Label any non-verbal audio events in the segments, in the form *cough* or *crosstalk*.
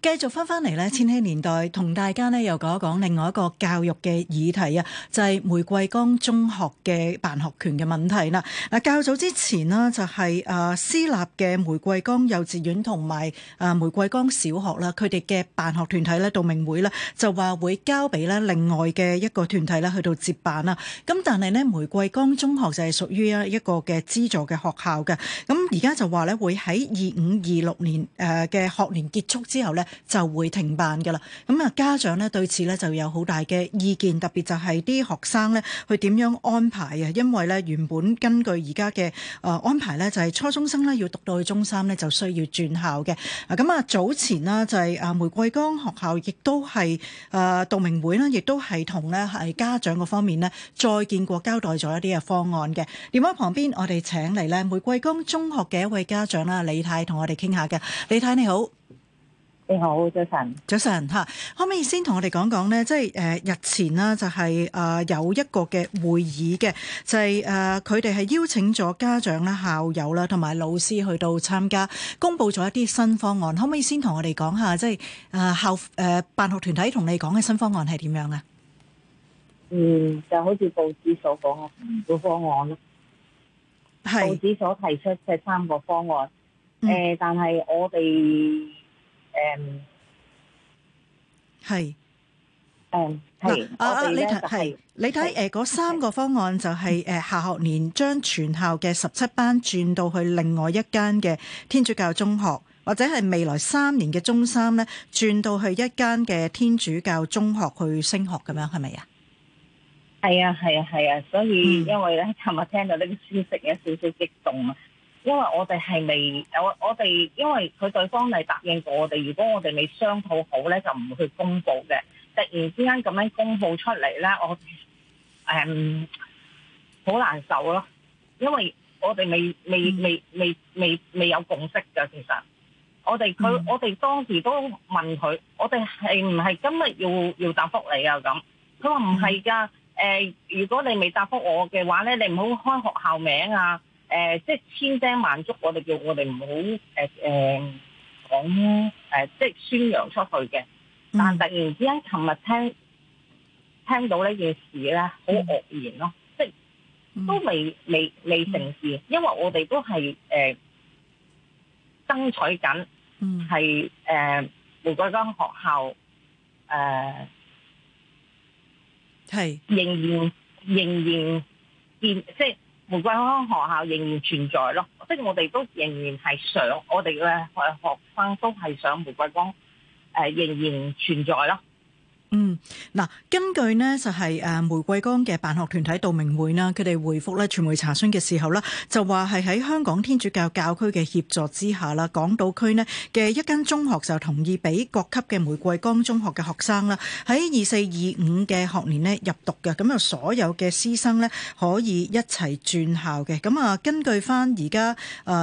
繼續翻翻嚟呢千禧年代同大家呢又講一講另外一個教育嘅議題啊，就係、是、玫瑰崗中學嘅辦學權嘅問題啦。啊，較早之前啦、就是，就係啊私立嘅玫瑰崗幼稚園同埋啊玫瑰崗小學啦，佢哋嘅辦學團體咧，道明會咧，就話會交俾呢另外嘅一個團體咧去到接辦啦。咁但係呢玫瑰崗中學就係屬於一一個嘅資助嘅學校嘅。咁而家就話咧，會喺二五二六年誒嘅學年結束之後呢就會停辦㗎喇。咁啊，家長呢對此呢就有好大嘅意見，特別就係啲學生呢去點樣安排啊？因為呢，原本根據而家嘅誒安排呢，就係、是、初中生呢要讀到去中三呢就需要轉校嘅。咁啊，早前呢，就係、是、啊玫瑰崗學校亦都係誒道明會呢亦都係同呢係家長嗰方面呢再見過，交代咗一啲嘅方案嘅。電話旁邊，我哋請嚟呢，玫瑰崗中學嘅一位家長啦，李太同我哋傾下嘅。李太你好。你好，早晨。早晨，吓，可唔可以先同我哋講講咧？即係誒，日前啦，就係誒有一個嘅會議嘅，就係誒，佢哋係邀請咗家長啦、校友啦同埋老師去到參加，公布咗一啲新方案。可唔可以先同我哋講下，即係誒校誒辦學團體同你講嘅新方案係點樣啊？嗯，就好似報紙所講嘅五個方案咯，係是報紙所提出嘅三個方案，誒、嗯，但係我哋。誒，係、um，誒、um，嗱，啊啊，你睇係，就是、你睇誒嗰三個方案就係、是、誒下學年將全校嘅十七班轉到去另外一間嘅天主教中學，或者係未來三年嘅中三咧轉到去一間嘅天主教中學去升學咁樣，係咪啊？係啊，係啊，係啊，所以、嗯、因為咧，琴日聽到呢個消息有少少激動啊！因為我哋係未有，我哋因為佢對方係答應過我哋，如果我哋未商討好咧，就唔會去公布嘅。突然之間咁樣公布出嚟咧，我誒好難受咯。因為我哋未未未未未未有共識噶，其實我哋佢我哋當時都問佢，我哋係唔係今日要要答覆你啊？咁佢話唔係噶，誒，如果你未答覆我嘅話咧，你唔好開學校名啊。誒，即係千叮萬囑，我哋叫我哋唔好誒誒講誒，即係宣揚出去嘅。但係突然之間，琴日聽聽到呢件事咧，好愕然咯，即係都未未未成事，因為我哋都係誒爭取緊，係誒回歸間學校誒係仍然仍然見即係。玫瑰崗學校仍然存在咯，即、就、係、是、我哋都仍然係想，我哋嘅學生都係想玫瑰崗，誒仍然存在咯。嗯，嗱，根據咧就係誒玫瑰崗嘅辦學團體道明會啦，佢哋回覆咧傳媒查詢嘅時候啦，就話係喺香港天主教教區嘅協助之下啦，港島區咧嘅一間中學就同意俾各級嘅玫瑰崗中學嘅學生啦，喺二四二五嘅學年咧入讀嘅，咁啊所有嘅師生咧可以一齊轉校嘅。咁啊，根據翻而家誒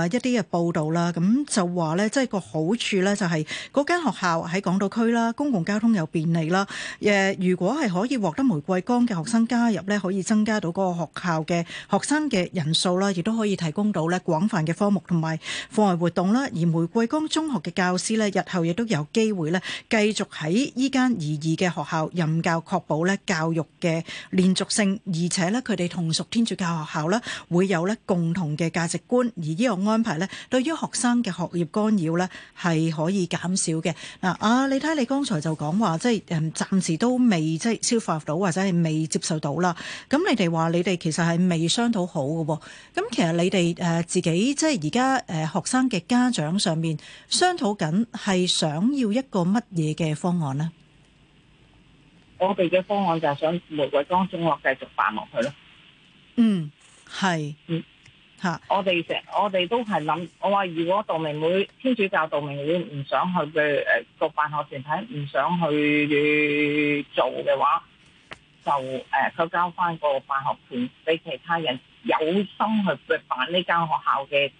一啲嘅報道啦，咁就話咧即係個好處咧就係嗰間學校喺港島區啦，公共交通又便利啦。誒，如果係可以獲得玫瑰崗嘅學生加入呢，可以增加到嗰個學校嘅學生嘅人數啦，亦都可以提供到呢廣泛嘅科目同埋課外活動啦。而玫瑰崗中學嘅教師呢，日後亦都有機會呢繼續喺依間兒兒嘅學校任教，確保呢教育嘅連續性，而且呢，佢哋同屬天主教學校啦，會有呢共同嘅價值觀。而呢個安排呢，對於學生嘅學業干擾呢，係可以減少嘅。嗱啊，你睇你剛才就講話即係暫時都未即係消化到，或者係未接受到啦。咁你哋話你哋其實係未商討好嘅喎。咁其實你哋誒、呃、自己即係而家誒學生嘅家長上面商討緊係想要一個乜嘢嘅方案呢？我哋嘅方案就係想玫瑰崗中學繼續辦落去咯。嗯，係。嗯。吓 *music* 我哋成我哋都係諗，我話如果道明會天主教道明會唔想去嘅誒、呃呃、個辦學團體唔想去做嘅話，就誒佢交翻個辦學團俾其他人有心去辦呢間學校嘅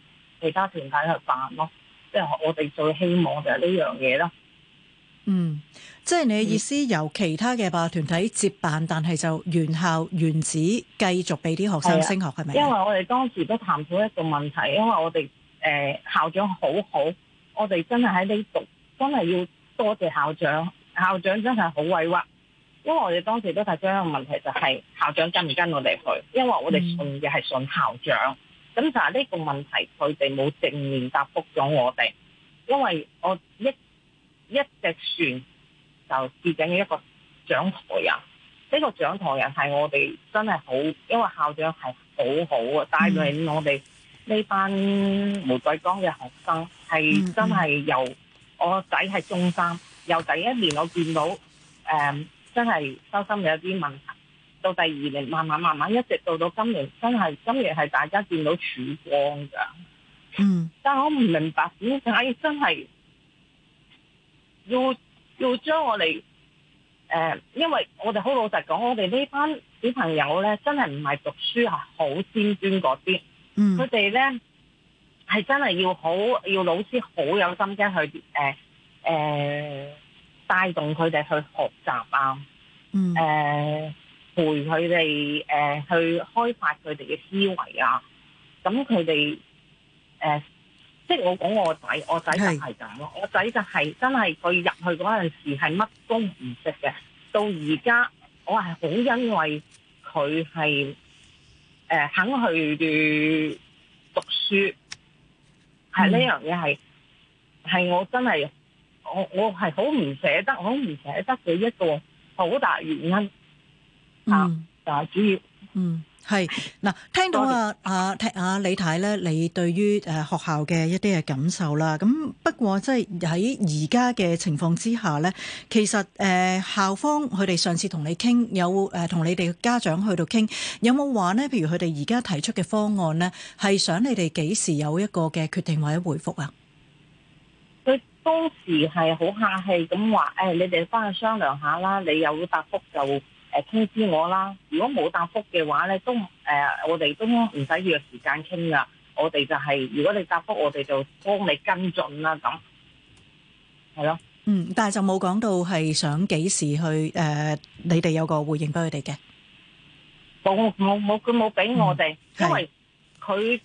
其他團體去辦咯，即係我哋最希望就係呢樣嘢咯。嗯，即係你嘅意思由其他嘅辦學團體接辦，但係就原校原址繼續俾啲學生升學係咪？的是是因為我哋當時都探討一個問題，因為我哋誒、欸、校長好好，我哋真係喺呢度，真係要多謝校長，校長真係好委屈。因為我哋當時都提出一個問題，就係、是、校長跟唔跟我哋去，因為我哋信嘅係信校長。咁但係呢個問題，佢哋冇正面答覆咗我哋，因為我一。一隻船就跌緊嘅一個掌舵人，呢個掌舵人係我哋真係好，因為校長係好好啊，帶領我哋呢班玫瑰崗嘅學生係真係由我個仔係中三，由第一年我見到誒真係收心有啲問題，到第二年慢慢慢慢一直到到今年，真係今年係大家見到曙光噶。嗯，但係我唔明白點解真係。要要將我哋誒、呃，因為我哋好老實講，我哋呢班小朋友咧，真係唔係讀書係好尖端嗰啲，嗯，佢哋咧係真係要好，要老師好有心機去誒誒帶動佢哋去學習啊，嗯，誒、呃、陪，佢哋誒去開發佢哋嘅思維啊，咁佢哋誒。呃即係我講我個仔，我仔就係咁咯。我仔就係真係佢入去嗰陣時係乜都唔識嘅，到而家我係好因為佢係誒肯去讀書，係呢樣嘢係係我真係我我係好唔捨得，好唔捨得嘅一個好大原因啊！但係主要。嗯，係嗱，聽到啊謝啊，阿李太咧，你對於誒學校嘅一啲嘅感受啦。咁不過即係喺而家嘅情況之下咧，其實誒校方佢哋上次同你傾，有同你哋家長去到傾，有冇話呢？譬如佢哋而家提出嘅方案呢，係想你哋幾時有一個嘅決定或者回覆啊？佢當時係好客氣咁話：哎，你哋返去商量下啦，你有個答覆就。誒通知我啦，如果冇答覆嘅話咧，都誒我哋都唔使約時間傾噶。我哋就係如果你答覆，我哋就幫你跟進啦，咁係咯。嗯，但係就冇講到係想幾時去誒，你哋有個回應俾佢哋嘅。冇冇冇，佢冇俾我哋，因為佢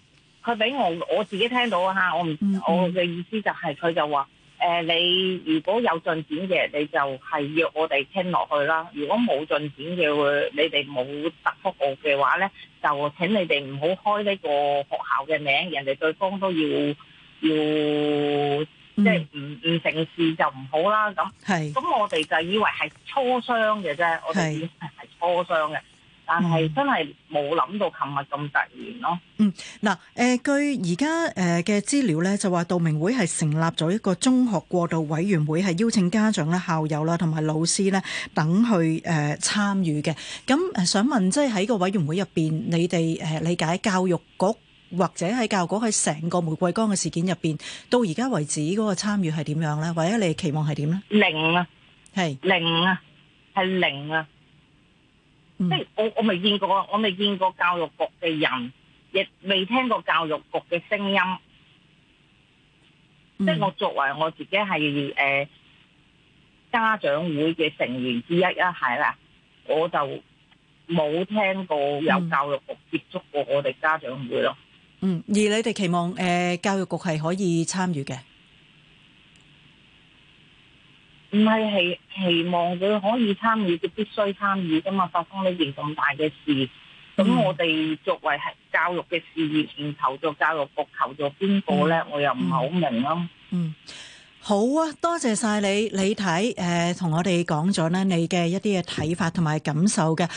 佢俾我我自己聽到啊嚇，我唔我嘅意思就係佢就話。誒，你如果有進展嘅，你就係要我哋傾落去啦。如果冇進展嘅會，你哋冇答覆我嘅話咧，就請你哋唔好開呢個學校嘅名，人哋對方都要要，即係唔唔正視就唔好啦。咁，咁我哋就以為係磋商嘅啫，我哋以為係磋商嘅。但係真係冇諗到，琴日咁突然咯。嗯，嗱，誒據而家誒嘅資料咧，就話道明會係成立咗一個中學過渡委員會，係邀請家長啦、校友啦同埋老師咧等去誒參與嘅。咁誒想問，即係喺個委員會入邊，你哋誒理解教育局或者喺教育局喺成個玫瑰崗嘅事件入邊，到而家為止嗰個參與係點樣咧？或者你期望係點咧？零啊，係零啊，係零啊。即係、嗯、我我未見過，我未見過教育局嘅人，亦未聽過教育局嘅聲音。即係、嗯、我作為我自己係誒家長會嘅成員之一啊，係啦，我就冇聽過有教育局接觸過我哋家長會咯。嗯，而你哋期望誒、呃、教育局係可以參與嘅。唔係係期望佢可以參與，就必須參與噶嘛。發生呢件咁大嘅事，咁我哋作為係教育嘅事業，唔求助教育局，求助邊個咧？我又唔係好明咯。嗯，好啊，多謝晒你。你睇呃、同我哋講咗咧，你嘅一啲嘅睇法同埋感受嘅。